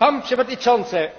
panie przewodniczący!